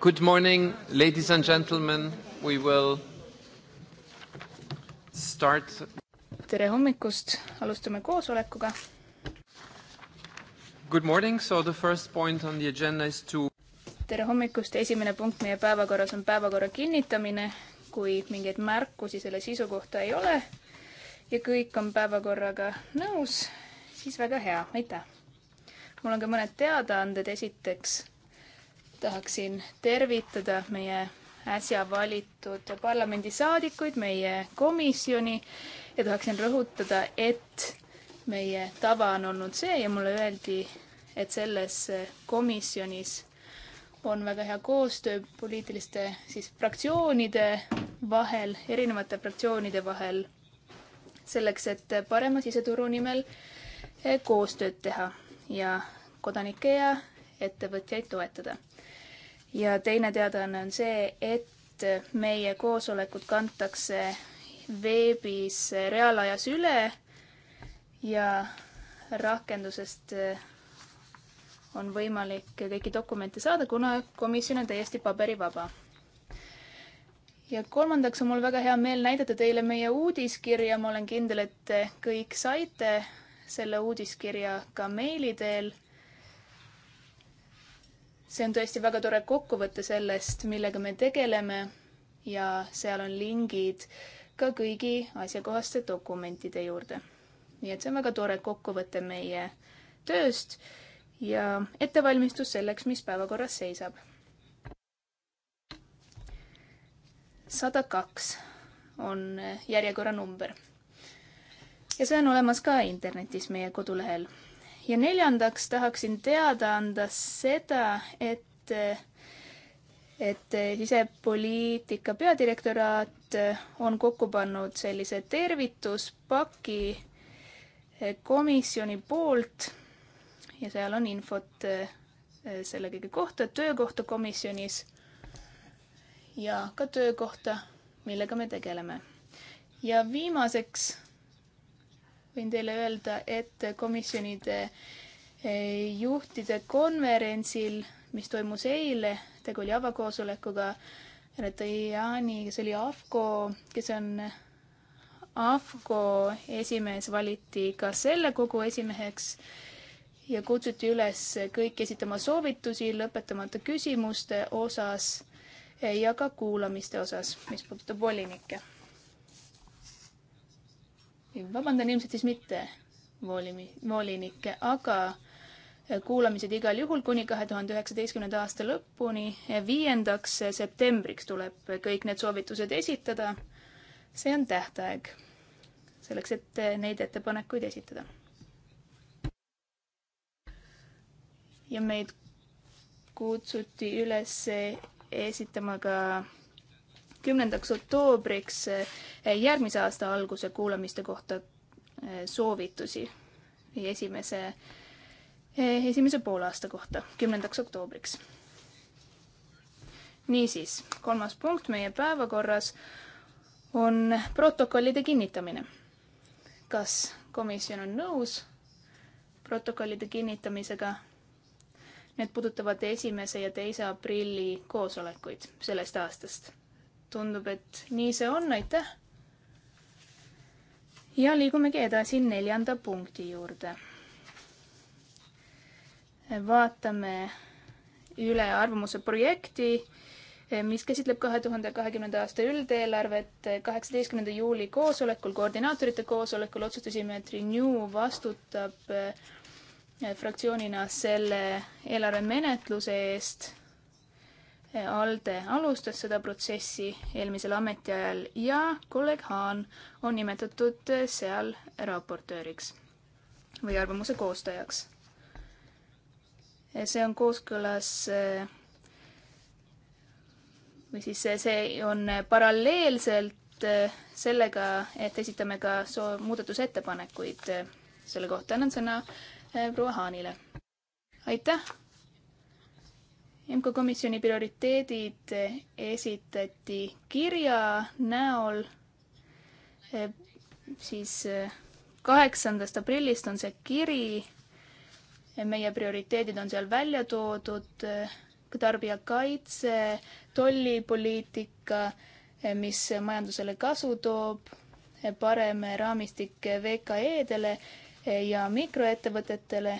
Good morning, ladies and gentlemen. We will start. Tere hommikust! Alustame koosolekuga. Good morning. So the first point on the agenda is to- Tere hommikust! Esimene punkt meie päevakorras on päevakorra kinnitamine. Kui mingeid märkusi selle sisu kohta ei ole ja kõik on päevakorraga nõus, siis väga hea. Aitäh! mul on ka mõned teadaanded, esiteks tahaksin tervitada meie äsja valitud parlamendisaadikuid, meie komisjoni ja tahaksin rõhutada, et meie tava on olnud see ja mulle öeldi, et selles komisjonis on väga hea koostöö poliitiliste siis fraktsioonide vahel, erinevate fraktsioonide vahel, selleks, et parema siseturu nimel eh, koostööd teha ja kodanikke ja ettevõtjaid toetada. ja teine teadaanne on see, et meie koosolekud kantakse veebis reaalajas üle ja rakendusest on võimalik kõiki dokumente saada, kuna komisjon on täiesti paberivaba. ja kolmandaks on mul väga hea meel näidata teile meie uudiskirja, ma olen kindel, et kõik saite selle uudiskirja ka meili teel see on tõesti väga tore kokkuvõte sellest, millega me tegeleme ja seal on lingid ka kõigi asjakohaste dokumentide juurde. nii et see on väga tore kokkuvõte meie tööst ja ettevalmistus selleks, mis päevakorras seisab. sada kaks on järjekorranumber. ja see on olemas ka internetis meie kodulehel ja neljandaks tahaksin teada anda seda, et, et sisepoliitika peadirektoraat on kokku pannud sellise tervituspaki komisjoni poolt ja seal on infot eh, selle kõige kohta, töökohta komisjonis ja ka töökohta, millega me tegeleme. ja viimaseks võin teile öelda, et komisjonide eh, juhtide konverentsil, mis toimus eile, tegu oli avakoosolekuga, Renata Jaani, kes oli AFCO, kes on AFCO esimees, valiti ka selle kogu esimeheks ja kutsuti üles kõiki esitama soovitusi lõpetamata küsimuste osas eh, ja ka kuulamiste osas, mis puudutab volinikke vabandan, ilmselt siis mitte volimi-, volinikke, aga kuulamised igal juhul kuni kahe tuhande üheksateistkümnenda aasta lõpuni. Viiendaks septembriks tuleb kõik need soovitused esitada. see on tähtaeg selleks, et neid ettepanekuid esitada. ja meid kutsuti üles esitama ka kümnendaks oktoobriks eh, järgmise aasta alguse kuulamiste kohta eh, soovitusi esimese, eh, esimese poolaasta kohta, kümnendaks oktoobriks. niisiis, kolmas punkt meie päevakorras on protokollide kinnitamine. kas komisjon on nõus protokollide kinnitamisega? Need puudutavad esimese ja teise aprilli koosolekuid sellest aastast tundub, et nii see on, aitäh. ja liigumegi edasi neljanda punkti juurde. vaatame üle arvamuse projekti, mis käsitleb kahe tuhande kahekümnenda aasta üldeelarvet. kaheksateistkümnenda juuli koosolekul, koordinaatorite koosolekul otsustasime, et Renew vastutab eh, fraktsioonina selle eelarve menetluse eest ALDE alustas seda protsessi eelmisel ametiajal ja kolleeg Haan on nimetatud seal raportööriks või arvamuse koostajaks. see on kooskõlas või siis see, see on paralleelselt sellega, et esitame ka soo-, muudatusettepanekuid selle kohta. annan sõna eh, proua Haanile. aitäh MK komisjoni prioriteedid esitati kirja näol, siis eh, kaheksandast aprillist on see kiri. meie prioriteedid on seal välja toodud, eh, tarbijakaitse, tollipoliitika, eh, mis majandusele kasu toob, parem raamistik VKE-dele ja mikroettevõtetele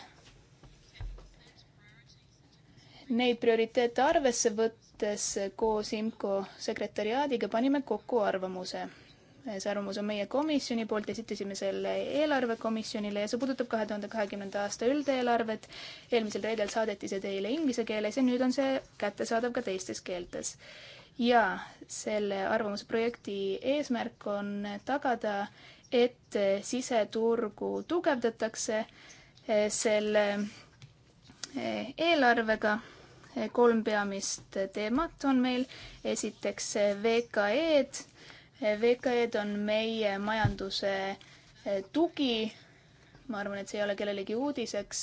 Neid prioriteete arvesse võttes koos IMCO sekretäriaadiga panime kokku arvamuse. see arvamus on meie komisjoni poolt, esitasime selle eelarvekomisjonile ja see puudutab kahe tuhande kahekümnenda aasta üldeelarvet. eelmisel reedel saadeti see teile inglise keeles ja nüüd on see kättesaadav ka teistes keeltes. ja selle arvamusprojekti eesmärk on tagada, et siseturgu tugevdatakse selle eelarvega kolm peamist teemat on meil. esiteks VKE-d. VKE-d on meie majanduse eh, tugi. ma arvan, et see ei ole kellelegi uudiseks.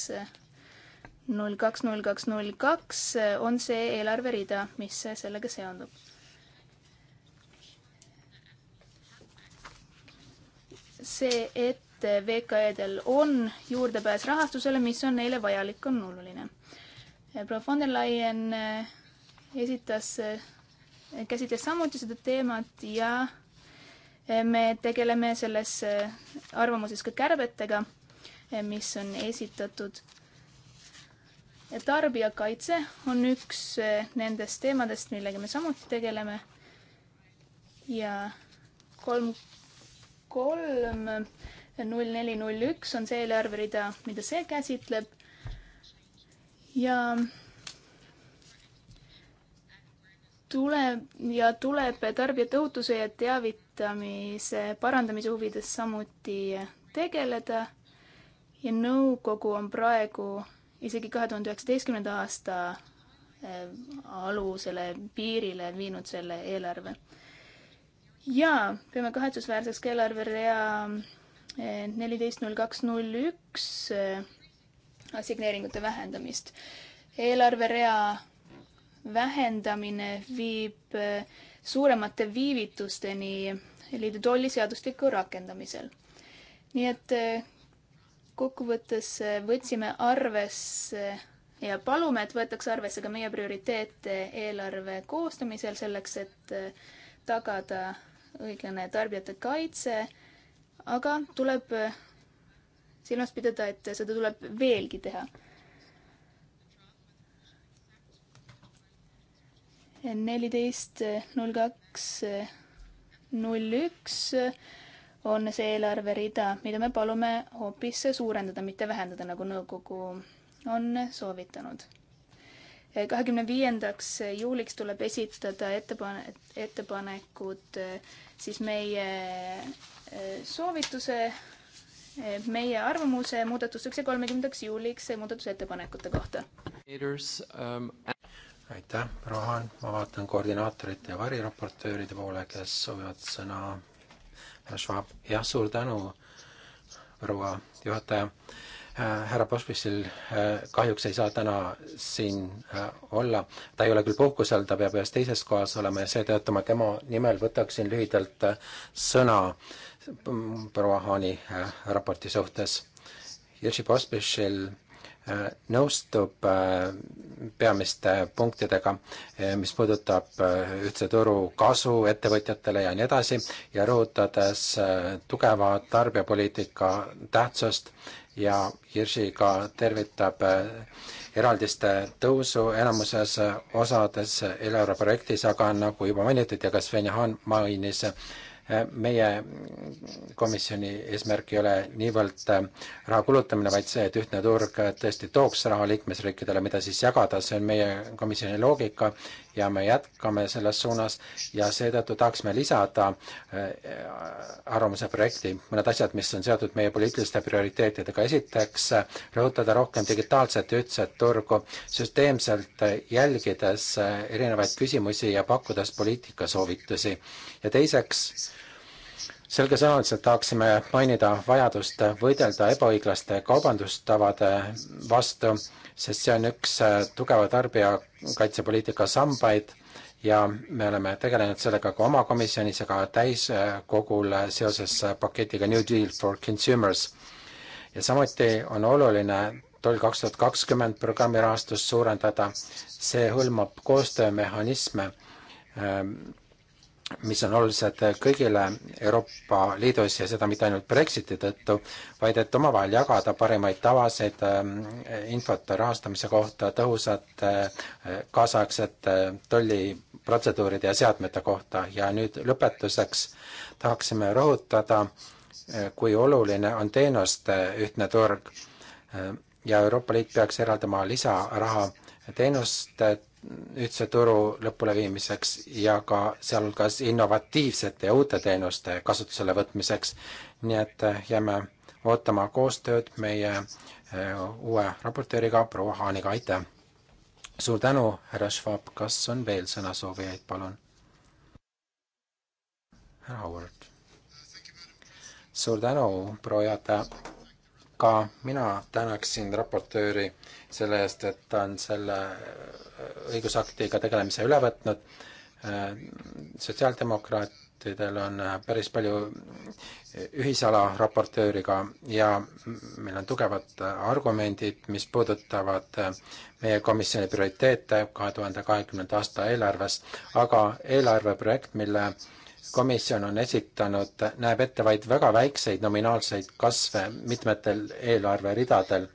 null kaks, null kaks, null kaks eh, on see eelarverida, mis sellega seondub. see, et VKE-del on juurdepääs rahastusele, mis on neile vajalik, on oluline proua von der Leyen äh, esitas, äh, käsitles samuti seda teemat ja äh, me tegeleme selles arvamuses ka kärbetega, mis on esitatud. tarbijakaitse on üks nendest teemadest, millega me samuti tegeleme. ja kolm, kolm null neli null üks on see eelarverida, mida see käsitleb ja tuleb ja tuleb tarbijate ohutuse ja teavitamise parandamise huvides samuti tegeleda. ja nõukogu on praegu isegi kahe tuhande üheksateistkümnenda aasta eh, alusele piirile viinud selle eelarve. ja peame kahetsusväärseks ka eelarverea eh, neliteist null kaks null üks eh, assigneeringute vähendamist. eelarverea vähendamine viib eh, suuremate viivitusteni liidu tolliseadustiku rakendamisel. nii et eh, kokkuvõttes eh, võtsime arvesse ja palume, et võetakse arvesse ka meie prioriteete eelarve koostamisel selleks, et tagada õiglane tarbijate kaitse, aga tuleb silmas pidada, et seda tuleb veelgi teha. neliteist null kaks null üks on see eelarverida, mida me palume hoopis suurendada, mitte vähendada, nagu nõukogu on soovitanud. kahekümne viiendaks juuliks tuleb esitada ettepane-, ettepanekud siis meie soovituse meie arvamuse muudatuseks ja kolmekümnendaks juuliks muudatusettepanekute kohta. Um, aitäh, Rohan, ma vaatan koordinaatorite ja variraportööride poole, kes soovivad sõna. härra Schwab, jah, suur tänu, proua juhataja. Äh, härra Pospisil äh, kahjuks ei saa täna siin äh, olla, ta ei ole küll puhkusel, ta peab ühes teises kohas olema ja seetõttu ma tema nimel võtaksin lühidalt sõna proua Haani äh, raporti suhtes. Jerzy Pospišil äh, nõustub äh, peamiste punktidega, mis puudutab ühtse turu kasu ettevõtjatele ja nii edasi ja rõhutades tugeva tarbijapoliitika tähtsust ja Jerzy ka tervitab eraldiste tõusu enamuses osades eelarveprojektis, aga nagu juba mainitud ja ka Sven Jahan mainis, meie komisjoni eesmärk ei ole niivõrd äh, raha kulutamine, vaid see, et ühtne turg äh, tõesti tooks raha liikmesriikidele, mida siis jagada, see on meie komisjoni loogika ja me jätkame selles suunas ja seetõttu tahaksime lisada äh, arvamuse projekti mõned asjad, mis on seotud meie poliitiliste prioriteetidega. esiteks rõhutada rohkem digitaalset ühtset turgu, süsteemselt jälgides erinevaid küsimusi ja pakkudes poliitikasoovitusi. ja teiseks selgesõnaliselt tahaksime mainida vajadust võidelda ebaõiglaste kaubandustavade vastu, sest see on üks äh, tugeva tarbijakaitsepoliitika sambaid ja me oleme tegelenud sellega ka oma komisjonis ja ka täiskogul äh, seoses äh, paketiga New Deal for Consumers. ja samuti on oluline toll kaks tuhat kakskümmend programmi rahastust suurendada, see hõlmab koostöömehhanisme ähm, mis on olulised kõigile Euroopa Liidus ja seda mitte ainult Brexiti tõttu, vaid et omavahel jagada parimaid tavasid, ähm, infot rahastamise kohta, tõhusate äh, kaasaegsete äh, tolliprotseduuride ja seadmete kohta ja nüüd lõpetuseks tahaksime rõhutada, äh, kui oluline on teenuste ühtne turg ja Euroopa Liit peaks eraldama lisaraha teenuste ühtse turu lõpuleviimiseks ja ka sealhulgas innovatiivsete ja uute teenuste kasutusele võtmiseks. nii et eh, jääme ootama koostööd meie eh, uue raportööriga proua Haaniga, aitäh! suur tänu, härra Schwab, kas on veel sõnasoovijaid, palun? härra Howard. suur tänu, proua juhataja ka mina tänaksin raportööri selle eest, et ta on selle äh, õigusaktiga tegelemise üle võtnud. Äh, sotsiaaldemokraatidel on äh, päris palju ühisala raportööriga ja meil on tugevad argumendid, mis puudutavad meie komisjoni prioriteete kahe tuhande kahekümnenda aasta eelarves, aga eelarveprojekt, mille komisjon on esitanud, näeb ette vaid väga väikseid nominaalseid kasve mitmetel eelarveridadel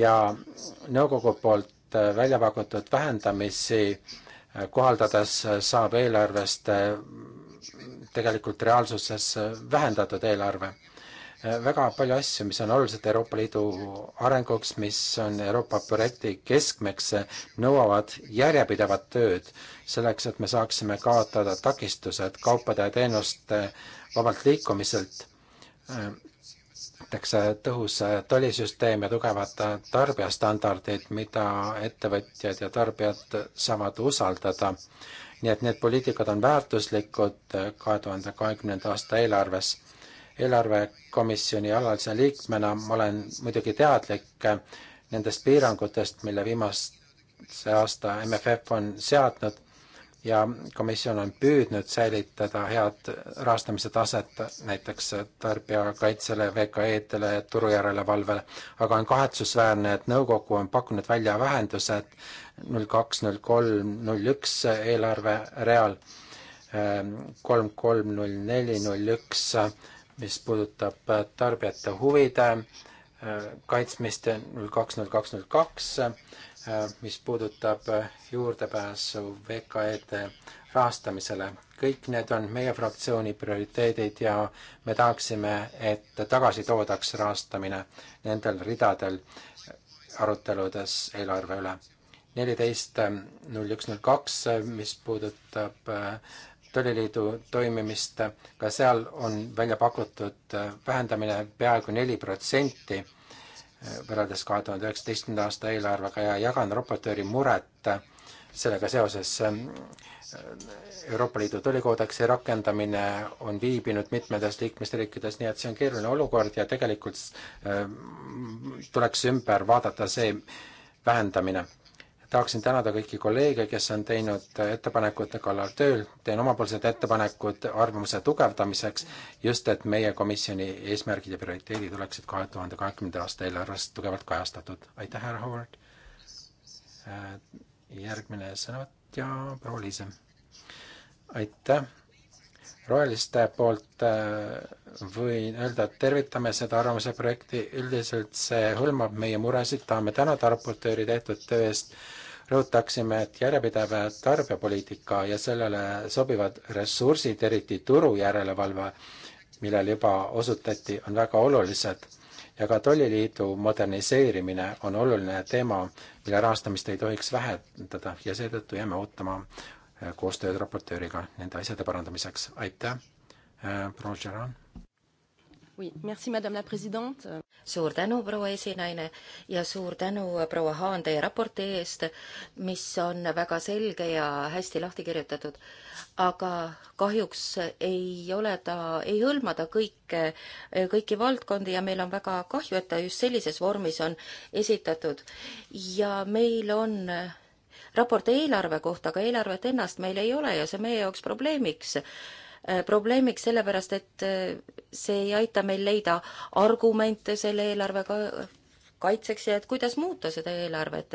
ja nõukogu poolt välja pakutud vähendamisi kohaldades saab eelarvest tegelikult reaalsuses vähendatud eelarve Äh, väga palju asju, mis on olulised Euroopa Liidu arenguks, mis on Euroopa projekti keskmeks, nõuavad järjepidevat tööd selleks, et me saaksime kaotada takistused kaupade ja teenuste vabalt liikumiselt. näiteks äh, tõhus äh, tollisüsteem ja tugevad tarbijastandardid, mida ettevõtjad ja tarbijad saavad usaldada. nii et need poliitikad on väärtuslikud kahe tuhande kahekümnenda aasta eelarves eelarvekomisjoni alalise liikmena ma olen muidugi teadlik nendest piirangutest, mille viimase aasta MFF on seadnud ja komisjon on püüdnud säilitada head rahastamise taset näiteks tarbijakaitsele, VKE-dele, turujärelevalvele, aga on kahetsusväärne, et nõukogu on pakkunud välja vähendused null kaks, null kolm, null üks eelarvereal, kolm, kolm, null neli, null üks mis puudutab äh, tarbijate huvide äh, kaitsmist null kaks, null kaks, null kaks, äh, mis puudutab juurdepääsu VKE-de rahastamisele. kõik need on meie fraktsiooni prioriteedid ja me tahaksime, et tagasi toodaks rahastamine nendel ridadel aruteludes eelarve üle. neliteist null üks null kaks, mis puudutab äh, tolliliidu toimimist, ka seal on välja pakutud äh, vähendamine peaaegu neli protsenti äh, võrreldes kahe tuhande üheksateistkümnenda aasta eelarvega ja jagan raportööri muret äh, sellega seoses. Ähm, Euroopa Liidu tollikoodeksi rakendamine on viibinud mitmetes liikmesriikides, nii et see on keeruline olukord ja tegelikult tuleks ümber vaadata see vähendamine tahaksin tänada kõiki kolleege, kes on teinud ettepanekute kallal tööl, teen omapoolsed ettepanekud arvamuse tugevdamiseks, just et meie komisjoni eesmärgid ja prioriteedid oleksid kahe tuhande kahekümnenda aasta eelarves tugevalt kajastatud. aitäh, härra Howard! Äh, järgmine sõnavõtt ja proua Liise. aitäh! roheliste poolt äh, võin öelda, et tervitame seda arvamuse projekti, üldiselt see hõlmab meie muresid, tahame tänada raportööri tehtud töö eest rõhutaksime, et järjepidev tarbijapoliitika ja sellele sobivad ressursid, eriti turujärelevalve, millele juba osutati, on väga olulised ja ka tolliliidu moderniseerimine on oluline teema, mille rahastamist ei tohiks vähendada ja seetõttu jääme ootama äh, koostööd raportööriga nende asjade parandamiseks. aitäh, äh, proua Gerard! suur tänu, proua esinaine ja suur tänu, proua Haan, teie raporti eest, mis on väga selge ja hästi lahti kirjutatud. aga kahjuks ei ole ta, ei hõlma ta kõike, kõiki valdkondi ja meil on väga kahju, et ta just sellises vormis on esitatud. ja meil on raport eelarve kohta, aga eelarvet ennast meil ei ole ja see on meie jaoks probleemiks Äh, probleemiks, sellepärast et äh, see ei aita meil leida argumente selle eelarvega kaitseks ja et kuidas muuta seda eelarvet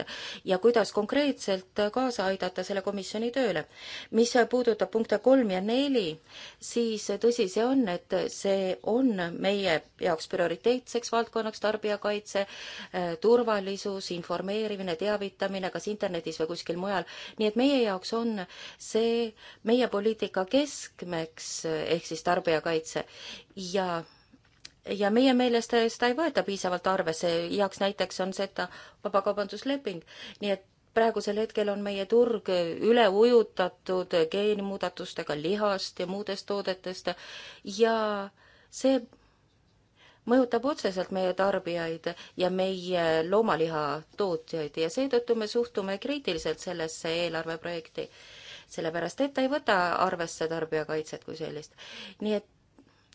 ja kuidas konkreetselt kaasa aidata selle komisjoni tööle. mis puudutab punkte kolm ja neli, siis tõsi see on, et see on meie jaoks prioriteetseks valdkonnaks tarbijakaitse, eh, turvalisus, informeerimine, teavitamine, kas internetis või kuskil mujal. nii et meie jaoks on see meie poliitika keskmeks eh, ehk siis tarbijakaitse ja ja meie meelest seda ei võeta piisavalt arvesse, heaks näiteks on seda vabakaubandusleping, nii et praegusel hetkel on meie turg üle ujutatud geenimuudatustega lihast ja muudest toodetest ja see mõjutab otseselt meie tarbijaid ja meie loomaliha tootjaid ja seetõttu me suhtume kriitiliselt sellesse eelarveprojekti, sellepärast et ta ei võta arvesse tarbijakaitset kui sellist. nii et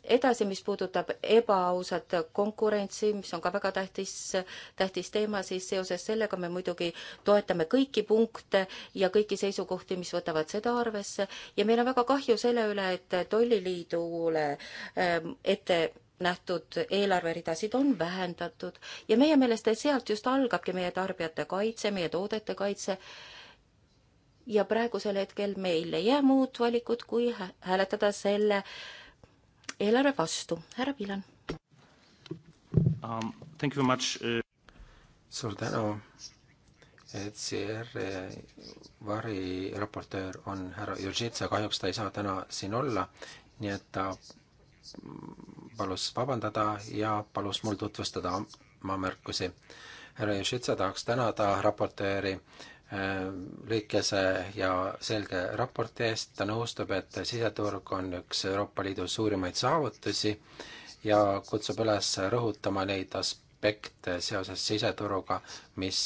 edasi, mis puudutab ebaausat konkurentsi, mis on ka väga tähtis, tähtis teema, siis seoses sellega me muidugi toetame kõiki punkte ja kõiki seisukohti, mis võtavad seda arvesse ja meil on väga kahju selle üle, et Tolliliidule ähm, ette nähtud eelarveridasid on vähendatud ja meie meelest sealt just algabki meie tarbijate kaitse, meie toodete kaitse ja praegusel hetkel meil ei jää muud valikut, kui hääletada selle äh, eelarve vastu. härra Pilan um,. Thank you very much uh.... suur tänu. et CR-i variraportöör on härra Jurtšitsa, kahjuks ta ei saa täna siin olla, nii et ta palus vabandada ja palus mul tutvustada oma märkusi. härra Ješitsa tahaks tänada raportööri Äh, lühikese ja selge raporti eest, ta nõustub, et siseturg on üks Euroopa Liidu suurimaid saavutusi ja kutsub üles rõhutama neid aspekte seoses siseturuga, mis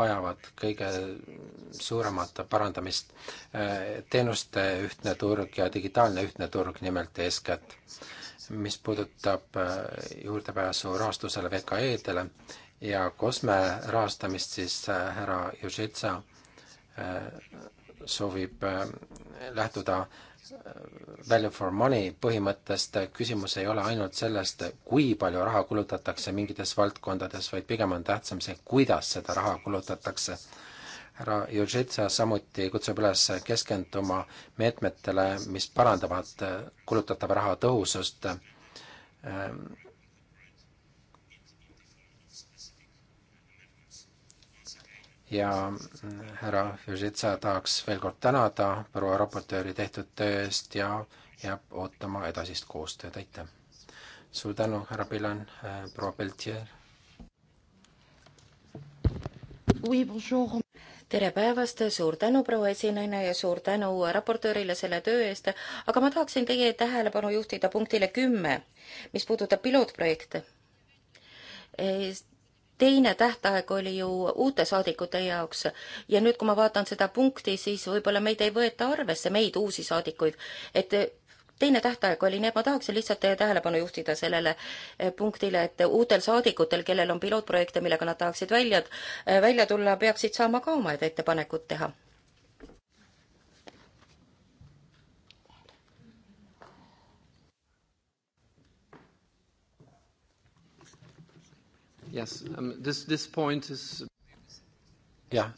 vajavad kõige suuremat parandamist. Äh, teenuste ühtne turg ja digitaalne ühtne turg nimelt eeskätt mis puudutab äh, juurdepääsu rahastusele VKE-dele ja Kosme rahastamist siis äh, härra Jušetsa äh, soovib äh, lähtuda value for money põhimõttest, küsimus ei ole ainult sellest, kui palju raha kulutatakse mingites valdkondades, vaid pigem on tähtsam see, kuidas seda raha kulutatakse. härra Jurtšitsa samuti kutsub üles keskenduma meetmetele, mis parandavad kulutatava raha tõhusust ja mm, härra Fjožitsa tahaks veel kord tänada proua raportööri tehtud töö eest ja jääb ootama edasist koostööd, aitäh! suur tänu, härra Pilan, äh, proua Peltier! tere päevast, suur tänu, proua esinaine ja suur tänu raportöörile selle töö eest, aga ma tahaksin teie tähelepanu juhtida punktile kümme, mis puudutab pilootprojekte teine tähtaeg oli ju uute saadikute jaoks ja nüüd, kui ma vaatan seda punkti, siis võib-olla meid ei võeta arvesse, meid, uusi saadikuid, et eh, teine tähtaeg oli, nii et ma tahaksin lihtsalt teie tähelepanu juhtida sellele eh, punktile, et uutel saadikutel, kellel on pilootprojekte, millega nad tahaksid välja, eh, välja tulla, peaksid saama ka omad ettepanekud teha Yes, um, this, this point is... jah,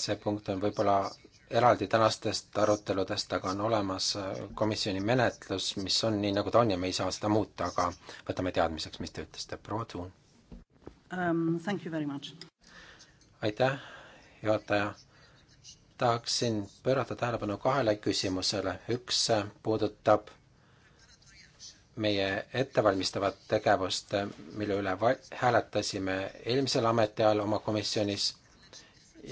see punkt on võib-olla eraldi tänastest aruteludest, aga on olemas äh, komisjoni menetlus, mis on nii, nagu ta on ja me ei saa seda muuta, aga võtame teadmiseks, mis te ütlesite, proua Tuun um,. Thank you very much. aitäh, juhataja. tahaksin pöörata tähelepanu kahele küsimusele, üks puudutab meie ettevalmistavat tegevust, mille üle hääletasime eelmisel ametiajal oma komisjonis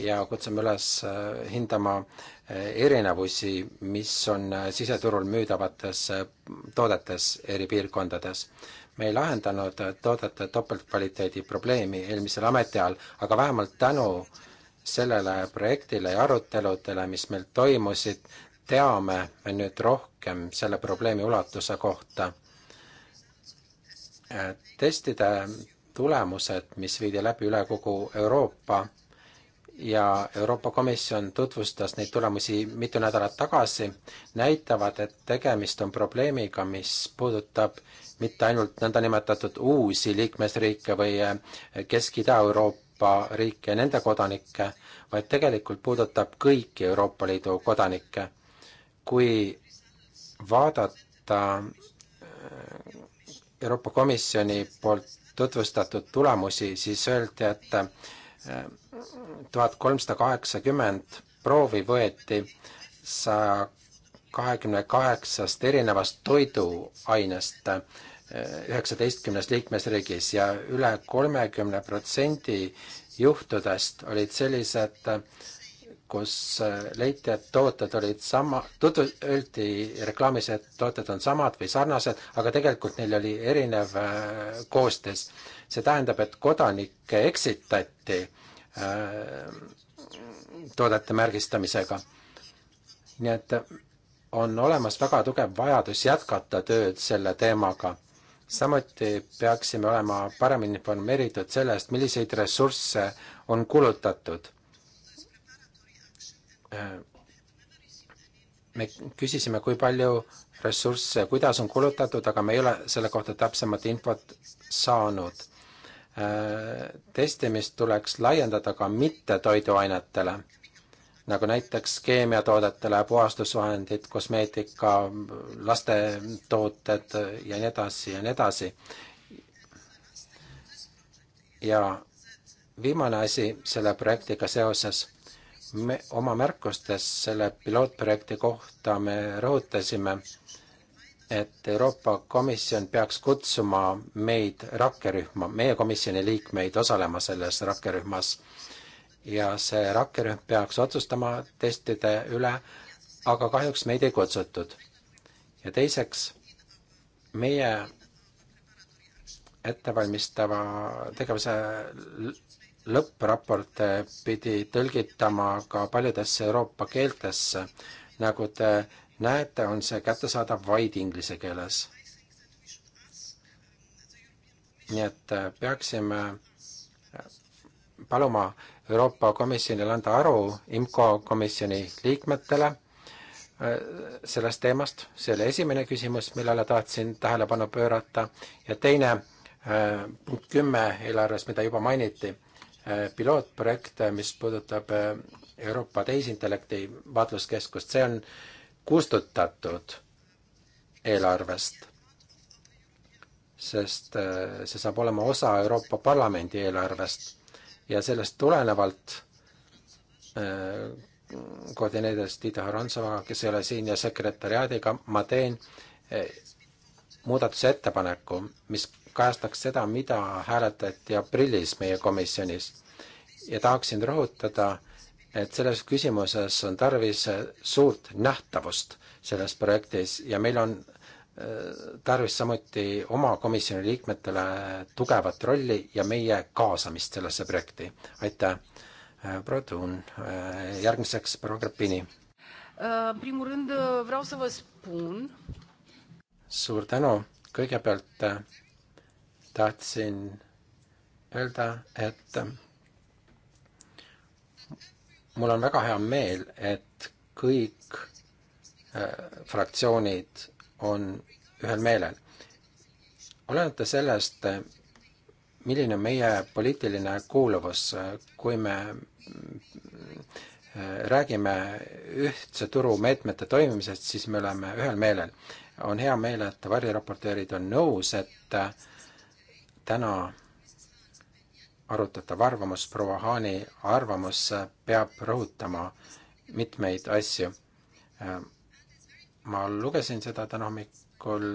ja kutsume üles äh, hindama äh, erinevusi, mis on äh, siseturul müüdavates toodetes eri piirkondades. me ei lahendanud toodete topeltkvaliteedi probleemi eelmisel ametiajal, aga vähemalt tänu sellele projektile ja aruteludele, mis meil toimusid, teame me nüüd rohkem selle probleemi ulatuse kohta testide tulemused, mis viidi läbi üle kogu Euroopa ja Euroopa Komisjon tutvustas neid tulemusi mitu nädalat tagasi, näitavad, et tegemist on probleemiga, mis puudutab mitte ainult nõndanimetatud uusi liikmesriike või eh, Kesk-Ida-Euroopa riike ja nende kodanikke, vaid tegelikult puudutab kõiki Euroopa Liidu kodanikke. kui vaadata eh, Euroopa Komisjoni poolt tutvustatud tulemusi, siis öeldi, et äh, tuhat kolmsada kaheksakümmend proovi võeti saja kahekümne kaheksast erinevast toiduainest äh, üheksateistkümnes liikmesriigis ja üle kolmekümne protsendi juhtudest olid sellised kus äh, leiti, et tooted olid sama, tutu-, öeldi reklaamis, et tooted on samad või sarnased, aga tegelikult neil oli erinev äh, koostis. see tähendab, et kodanikke eksitati äh, toodete märgistamisega. nii et on olemas väga tugev vajadus jätkata tööd selle teemaga. samuti peaksime olema paremini informeeritud sellest, milliseid ressursse on kulutatud Äh, me küsisime, kui palju ressursse, kuidas on kulutatud, aga me ei ole selle kohta täpsemat infot saanud. Äh, testimist tuleks laiendada ka mittetoiduainetele, nagu näiteks keemiatoodetele, puhastusvahendid, kosmeetika, lastetooted ja nii edasi ja nii edasi. ja viimane asi selle projektiga seoses me oma märkustes selle pilootprojekti kohta me rõhutasime, et Euroopa Komisjon peaks kutsuma meid rakkerühma, meie komisjoni liikmeid osalema selles rakkerühmas. ja see rakkerühm peaks otsustama testide üle, aga kahjuks meid ei kutsutud. ja teiseks, meie ettevalmistava tegevuse lõppraport pidi tõlgitama ka paljudesse Euroopa keeltesse. nagu te näete, on see kättesaadav vaid inglise keeles. nii et äh, peaksime äh, paluma Euroopa Komisjonil anda aru IMCO komisjoni liikmetele äh, sellest teemast, see oli esimene küsimus, millele tahtsin tähelepanu pöörata, ja teine, punkt kümme eelarves, mida juba mainiti Äh, pilootprojekt, äh, mis puudutab äh, Euroopa Tehisintellekti vaatluskeskust, see on kustutatud eelarvest, sest see saab olema osa Euroopa Parlamendi eelarvest ja sellest tulenevalt koordineerides Tiit Haransovaga, kes ei ole siin, ja sekretäriaadiga ma teen muudatusettepaneku, mis kajastaks seda, mida hääletati aprillis meie komisjonis. ja tahaksin rõhutada, et selles küsimuses on tarvis suurt nähtavust selles projektis ja meil on äh, tarvis samuti oma komisjoni liikmetele tugevat rolli ja meie kaasamist sellesse projekti. aitäh, äh, proua Tuun, äh, järgmiseks proua Grapini. suur tänu, kõigepealt tahtsin öelda, et mul on väga hea meel, et kõik äh, fraktsioonid on ühel meelel. olenemata sellest, milline on meie poliitiline kuuluvus, kui me äh, räägime ühtse turu meetmete toimimisest, siis me oleme ühel meelel. on hea meel, et variraportöörid on nõus, et täna arutatav arvamus, proua Haani arvamus peab rõhutama mitmeid asju. ma lugesin seda täna hommikul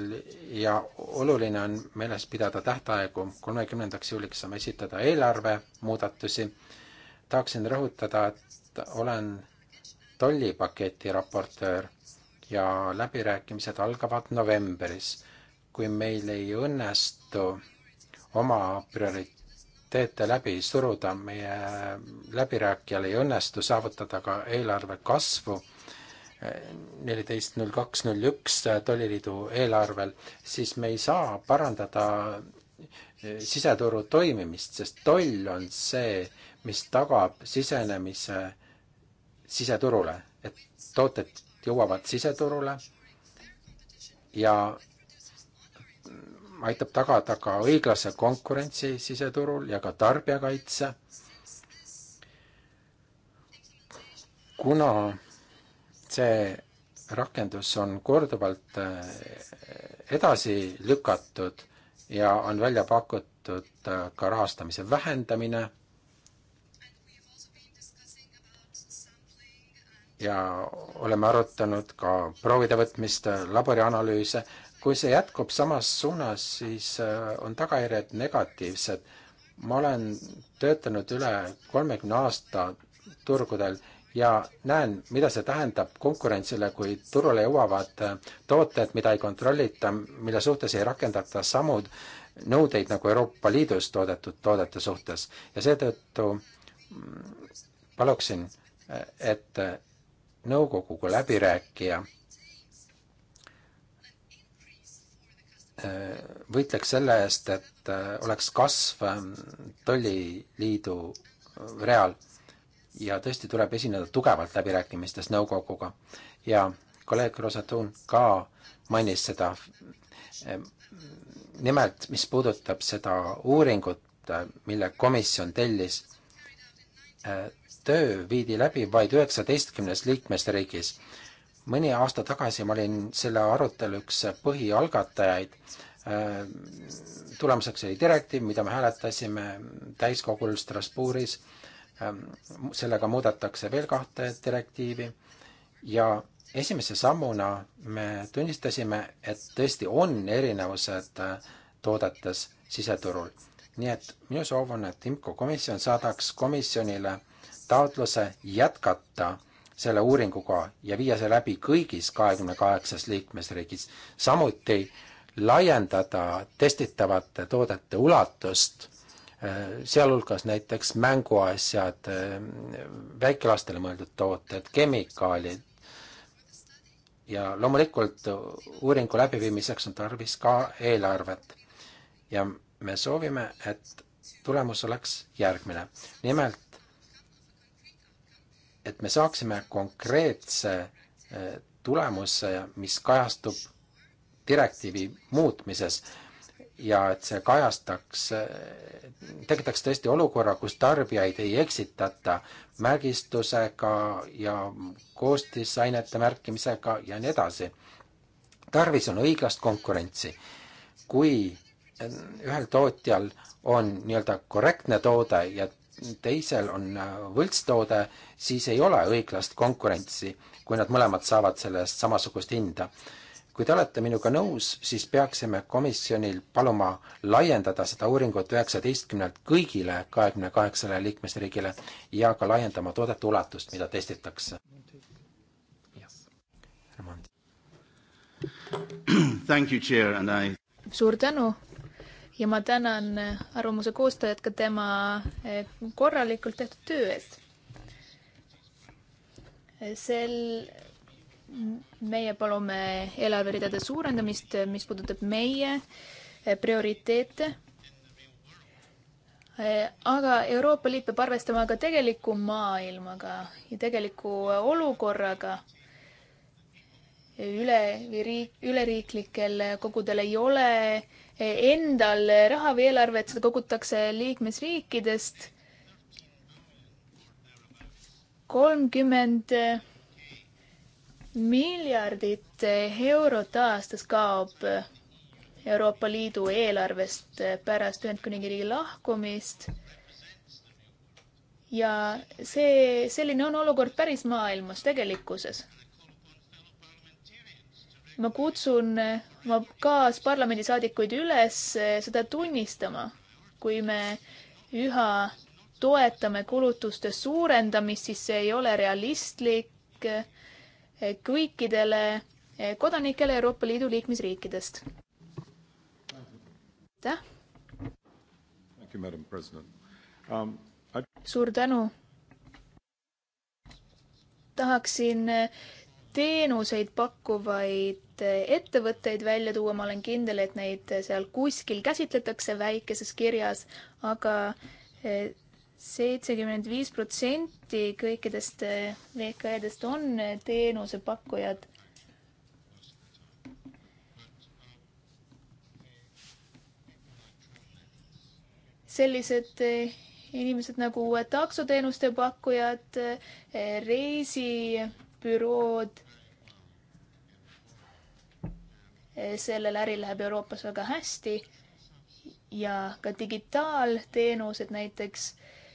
ja oluline on meeles pidada tähtaegu, kolmekümnendaks juuliks saame esitada eelarve muudatusi. tahaksin rõhutada, et olen tollipaketi raportöör ja läbirääkimised algavad novembris. kui meil ei õnnestu oma prioriteete läbi suruda, meie läbirääkijal ei õnnestu saavutada ka eelarve kasvu neliteist null kaks null üks tolliliidu eelarvel, siis me ei saa parandada siseturu toimimist, sest toll on see, mis tagab sisenemise siseturule, et tooted jõuavad siseturule ja aitab tagada ka õiglase konkurentsi siseturul ja ka tarbijakaitse. kuna see rakendus on korduvalt eh, edasi lükatud ja on välja pakutud eh, ka rahastamise vähendamine ja oleme arutanud ka proovide võtmist, laborianalüüse, kui see jätkub samas suunas, siis äh, on tagajärjed negatiivsed. ma olen töötanud üle kolmekümne aasta turgudel ja näen, mida see tähendab konkurentsile, kui turule jõuavad äh, tooted, mida ei kontrollita, mille suhtes ei rakendata samu nõudeid nagu Euroopa Liidus toodetud toodete suhtes ja seetõttu mm, paluksin, äh, et nõukoguga läbirääkija võitleks selle eest, et äh, oleks kasv ähm, tolliliidu äh, real ja tõesti tuleb esineda tugevalt läbirääkimistes nõukoguga. ja kolleeg Rosatun ka mainis seda, ähm, nimelt mis puudutab seda uuringut, äh, mille komisjon tellis, töö viidi läbi vaid üheksateistkümnes liikmesriigis mõni aasta tagasi ma olin selle arutelu üks põhialgatajaid. tulemuseks oli direktiiv, mida me hääletasime täiskogul Strasbourgis. sellega muudetakse veel kahte direktiivi ja esimese sammuna me tunnistasime, et tõesti on erinevused toodetes siseturul. nii et minu soov on, et IMCO komisjon saadaks komisjonile taotluse jätkata äh, selle uuringuga ja viia see läbi kõigis kahekümne kaheksas liikmesriigis, samuti laiendada testitavate toodete ulatust, eh, sealhulgas näiteks mänguasjad, eh, väikelastele mõeldud tooted, kemikaalid ja loomulikult uuringu läbiviimiseks on tarvis ka eelarvet. ja me soovime, et tulemus oleks järgmine. nimelt et me saaksime konkreetse eh, tulemuse, mis kajastub direktiivi muutmises ja et see kajastaks, eh, tekitaks tõesti olukorra, kus tarbijaid ei eksitata märgistusega ja koostisainete märkimisega ja nii edasi. tarvis on õiglast konkurentsi. kui eh, ühel tootjal on nii-öelda korrektne toode ja teisel on äh, võltstoode, siis ei ole õiglast konkurentsi, kui nad mõlemad saavad selle eest samasugust hinda. kui te olete minuga nõus, siis peaksime komisjonil paluma laiendada seda uuringut üheksateistkümnelt kõigile kahekümne kaheksale liikmesriigile ja ka laiendama toodete ulatust, mida testitakse. suur tänu ja ma tänan arvamuse koostajat ka tema eh, korralikult tehtud töö eest. sel, meie palume eelarveridade suurendamist, mis puudutab meie eh, prioriteete. Eh, aga Euroopa Liit peab arvestama ka tegeliku maailmaga ja tegeliku olukorraga üle, üleriiklikel kogudel ei ole endal raha või eelarvet, seda kogutakse liikmesriikidest. kolmkümmend miljardit eurot aastas kaob Euroopa Liidu eelarvest pärast Ühendkuningriigi lahkumist. ja see, selline on olukord päris maailmas tegelikkuses ma kutsun oma eh, kaasparlamendisaadikuid üles eh, seda tunnistama, kui me üha toetame kulutuste suurendamist, siis see ei ole realistlik eh, kõikidele kodanikele Euroopa Liidu liikmesriikidest. aitäh! Um, suur tänu! tahaksin teenuseid pakkuvaid ettevõtteid välja tuua, ma olen kindel, et neid seal kuskil käsitletakse väikeses kirjas aga, aga eh, seitsekümmend viis protsenti kõikidest eh, VKE-dest on eh, teenusepakkujad. sellised inimesed nagu taksoteenuste pakkujad, reisi bürood. sellel äril läheb Euroopas väga hästi ja ka digitaalteenused näiteks,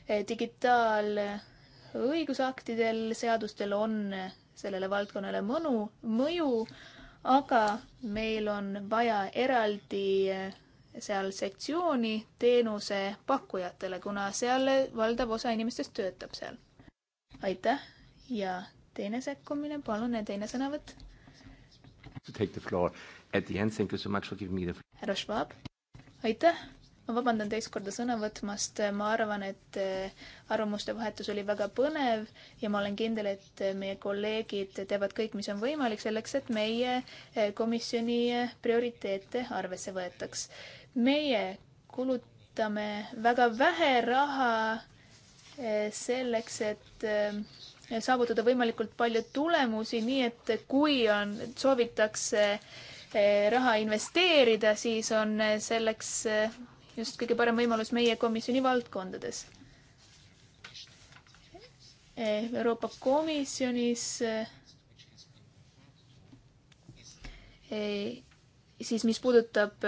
eh, digitaalõigusaktidel, seadustel on sellele valdkonnale mõnu, mõju, aga meil on vaja eraldi eh, seal sektsiooni teenusepakkujatele, kuna seal valdav osa inimestest töötab seal. aitäh ja teine sekkumine, palun, teine sõnavõtt. härra Schwab, aitäh, ma vabandan teist korda sõna võtmast, ma arvan, et eh, arvamuste vahetus oli väga põnev ja ma olen kindel, et eh, meie kolleegid teevad kõik, mis on võimalik selleks, et meie eh, komisjoni prioriteete arvesse võetaks. meie kulutame väga vähe raha selleks, et saavutada võimalikult palju tulemusi, nii et kui on, soovitakse eh, raha investeerida, siis on eh, selleks eh, just kõige parem võimalus meie komisjoni valdkondades. Euroopa Komisjonis siis, mis puudutab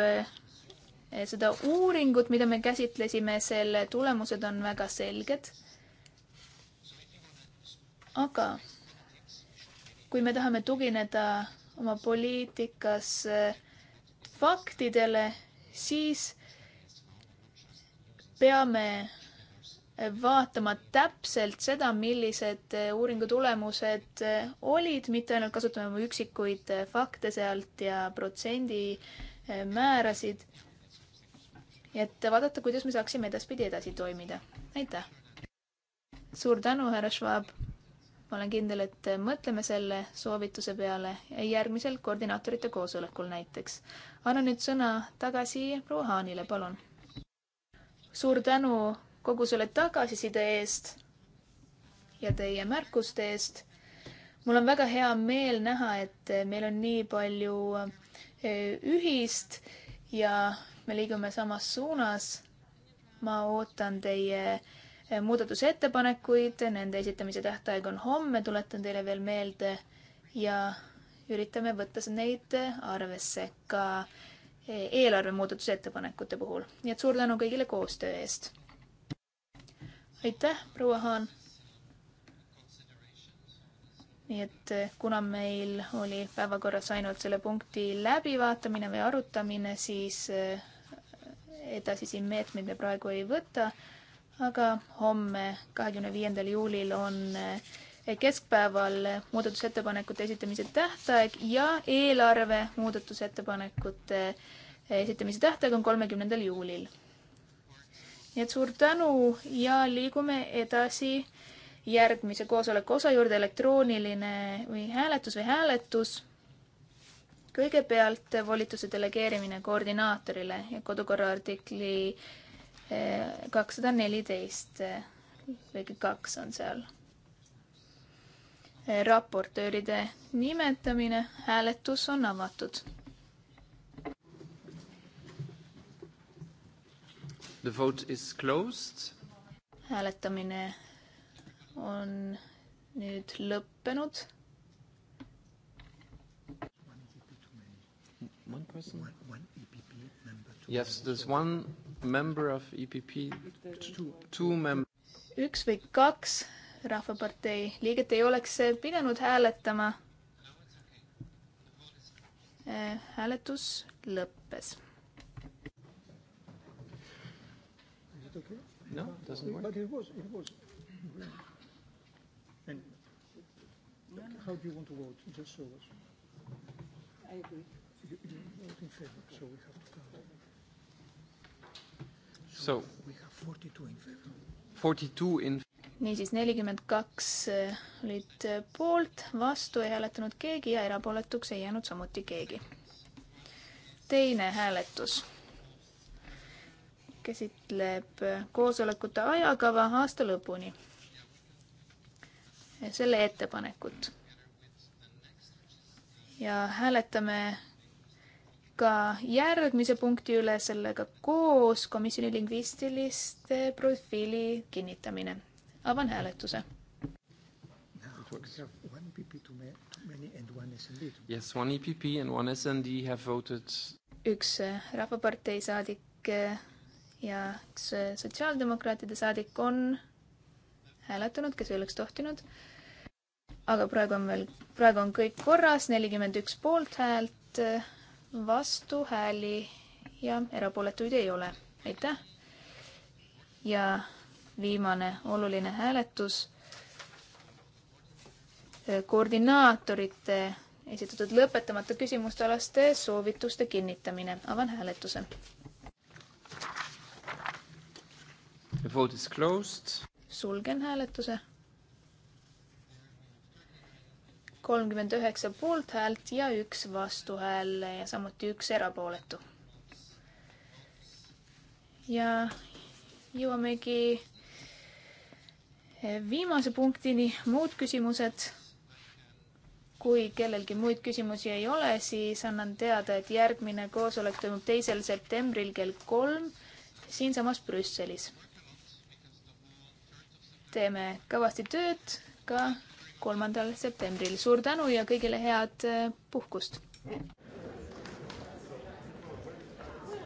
seda uuringut, mida me käsitlesime, selle tulemused on väga selged aga kui me tahame tugineda oma poliitikas eh, faktidele, siis peame eh, vaatama täpselt seda, millised eh, uuringu tulemused olid, mitte ainult kasutama üksikuid fakte sealt ja protsendimäärasid. et vaadata, kuidas me saaksime edaspidi edasi toimida. aitäh! suur tänu, härra Schwab! ma olen kindel, et mõtleme selle soovituse peale järgmisel koordinaatorite koosolekul näiteks. annan nüüd sõna tagasi proua Haanile, palun. suur tänu kogu selle tagasiside eest ja teie märkuste eest. mul on väga hea meel näha, et meil on nii palju eh, ühist ja me liigume samas suunas. ma ootan teie muudatusettepanekuid, nende esitamise tähtaeg on homme, tuletan teile veel meelde ja üritame võtta neid arvesse ka eelarve muudatusettepanekute puhul. nii et suur tänu kõigile koostöö eest. aitäh, proua Haan. nii et eh, kuna meil oli päevakorras ainult selle punkti läbivaatamine või arutamine, siis eh, edasisi meetmeid me praegu ei võta aga homme, kahekümne viiendal juulil on eh, keskpäeval muudatusettepanekute esitamise tähtaeg ja eelarve muudatusettepanekute eh, esitamise tähtaeg on kolmekümnendal juulil. nii et suur tänu ja liigume edasi järgmise koosoleku osa juurde, elektrooniline või hääletus või hääletus kõigepealt volituse delegeerimine koordinaatorile ja kodukorra artikli kakssada neliteist lõige kaks on seal. raportööride nimetamine, hääletus on avatud. The vote is closed. hääletamine on nüüd lõppenud. One person? One, one EPP member. Yes, there's one member of EPP, two, two mem-. üks või kaks Rahvapartei liiget ei oleks pidanud hääletama. Äh, hääletus lõppes. No, it doesn't work. But it was, it was. And how do you want to vote? Just so us. I agree. You, you vote in favor, so we have to count. So, in... niisiis nelikümmend kaks eh, olid eh, poolt, vastu ei hääletanud keegi ja erapooletuks ei jäänud samuti keegi. teine hääletus käsitleb eh, koosolekute ajakava aasta lõpuni. selle ettepanekut. ja hääletame ka järgmise punkti üle sellega koos komisjoni lingvistiliste profiili kinnitamine. avan hääletuse. Yes, one EPP and one SND have voted. üks Rahvapartei saadik ja üks sotsiaaldemokraatide saadik on hääletanud, kes ei oleks tohtinud. aga praegu on veel, praegu on kõik korras, nelikümmend üks poolthäält vastuhääli ja erapooletuid ei ole. aitäh! ja viimane oluline hääletus. koordinaatorite esitatud lõpetamata küsimustealaste soovituste kinnitamine. avan hääletuse. sulgen hääletuse kolmkümmend üheksa poolthäält ja üks vastuhääl ja samuti üks erapooletu. ja jõuamegi eh, viimase punktini, muud küsimused. kui kellelgi muid küsimusi ei ole, siis annan teada, et järgmine koosolek toimub teisel septembril kell kolm siinsamas Brüsselis. teeme kõvasti tööd ka kolmandal septembril. suur tänu ja kõigile head eh, puhkust!